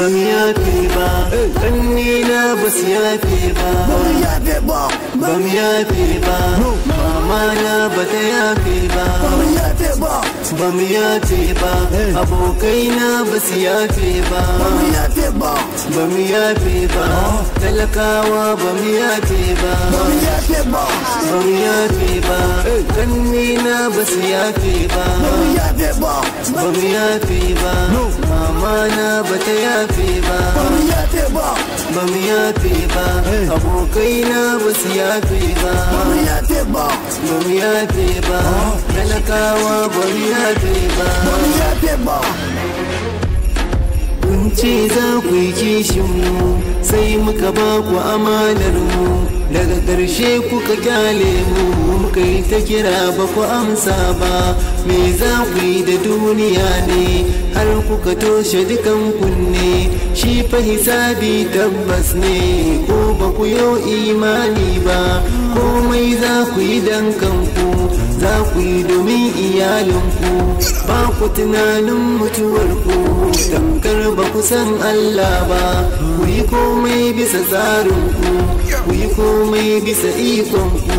ban yafe ba ƙannina ba su yafe ba ban yafe ba ban yafe ba amana ba ta yafe ba ba yafe ba abokai na ba su yafe ba ba mu yafe ba talakawa ba mu yafe ba ba mu yafe ba kanni na ba su yafe ba ba mu yafe ba mama na ba ta yafe ba ba mu yafe ba abokai na ba su yafe ba ba mu yafe ba yafe ba talakawa ba mu ba ba mu ba kun ce za ku yi kishin mu sai muka ba ku amanar mu daga ƙarshe kuka kyale mu kuka yi ta kira ba ku amsa ba me za ku yi da duniya ne har kuka toshe dukan kunne shi fa hisabi tabbas ne ko ba ku yo imani ba komai za ku yi dan kanku za ku yi domin iyalinku ba ku tunanin mutuwarku tamkar ba ku san Allah ba ku yi komai bisa tsarinku ku yi komai bisa ikon ku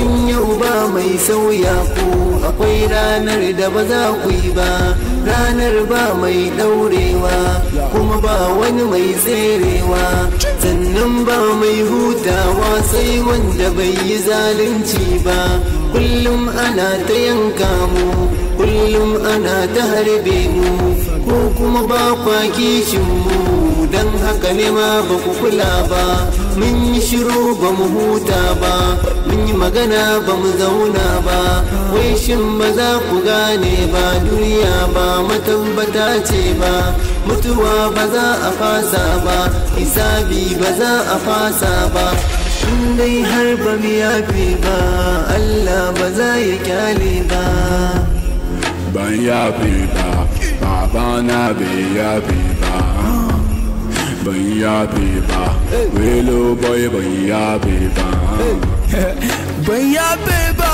in yau ba mai sauya ku akwai ranar da ba za ku yi ba ranar ba mai daurewa kuma ba wani mai tserewa sannan ba mai hutawa sai wanda bai yi zalunci ba kullum ana ta yanka mu kullum ana ta harbe mu ko kuma ba kwa kishin mu don haka ne ma ba ku kula ba mun yi shiru ba mu huta ba mun yi magana ba mu zauna ba wai shin ba za ku gane ba duniya ba matambata ce ba mutuwa ba za a fasa ba isabi ba za a fasa ba dai har ba mu yafe ba Allah ba za ya kyale ba Baya piba, baba na baya piba Baya piba, willow boy baya piba Baya piba,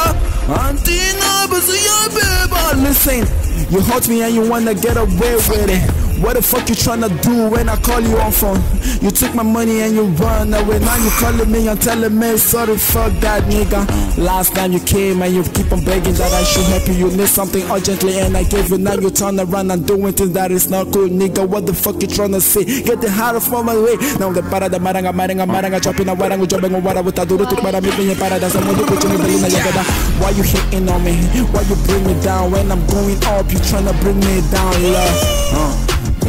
auntie na baya piba Listen, you hurt me and you wanna get away with it what the fuck you tryna do when I call you on phone? You took my money and you run away. Now you calling me and telling me sorry, fuck that nigga. Last time you came and you keep on begging that I should help you. You need something urgently and I gave you. Now you turn around and doing things that is not cool, nigga. What the fuck you tryna say? Get the hell off my way. Now the para the maranga maranga maranga chopping a warangu jumping on water with a duro to para me being para that's when you put me in a Why you hitting on me? Why you bring me down when I'm going up? You tryna bring me down, love. Uh.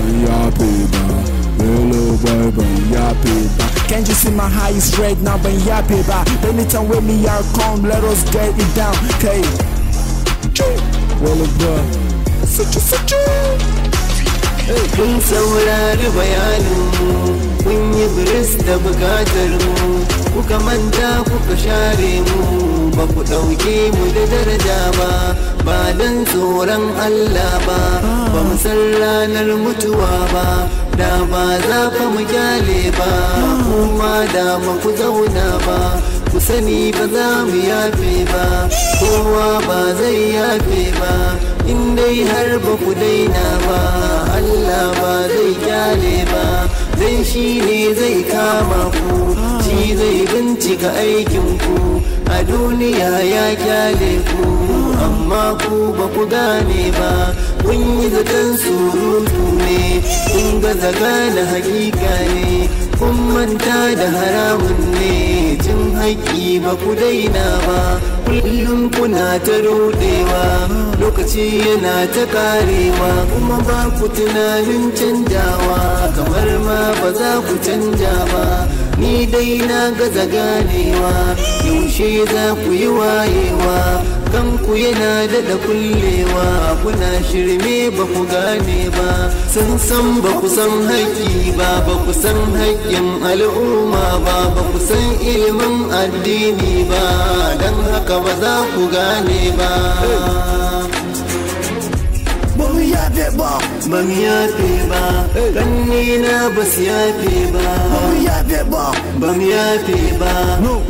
Yapiba. Hello, baby, yapiba. Can't you see my high is red now, but yapiba. Anytime with me, y'all come, let us get it down. Okay. Well, bro. Such a, such a. kun saurari bayaninmu kun yi biris da bukatarmu kuka manta kuka share mu ba ku ɗauke mu da daraja ba ba don tsoron Allah ba ba mu san ranar mutuwa ba da ba za fa mu kyale ba kuma da ba ku zauna ba ku sani ba za mu yafe ba kowa ba zai yafe ba in dai har ba ku daina ba Allah ba zai kyale ba zai shi ne zai kama ku shi zai bincika aikinku a duniya ya kyale ku amma ku ba ku gane ba kun yi zaton surutu ne kun ga zaga da hakika ne kun manta da haramun ne jin haƙƙi ba ku daina ba kullum kuna ta rudewa lokaci yana ta karewa kuma ba ku tunanin canjawa kamar ma ba za ku canja ba ni dai na gaza ganewa yaushe za ku yi wayewa kanku yana dada kullewa kuna shirme ba ku gane ba sun san ba ku san haƙƙi ba ba ku san haƙƙin al'umma ba ba ku san ilimin addini ba don haka ba za ku gane ba yafe ba ban yafe ba kannina ba su yafe ba بم ياتي با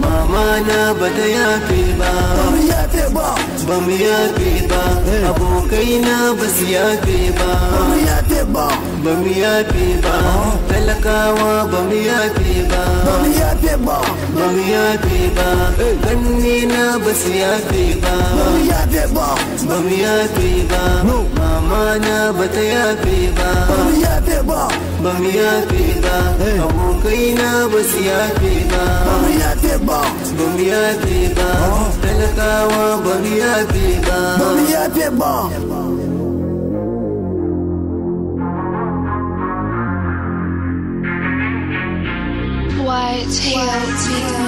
ماما نا بدا ياتي با بم ياتي با ابو كينا بس ياتي با إيه. بم ياتي با بم ياتي بم ياتي با بم ياتي با آه. بم بس ياتي با بم ياتي با إيه. ba Ba Ba na ba su ba Ba mu Ba Talakawa ba mu ba Ba mu ba White tail,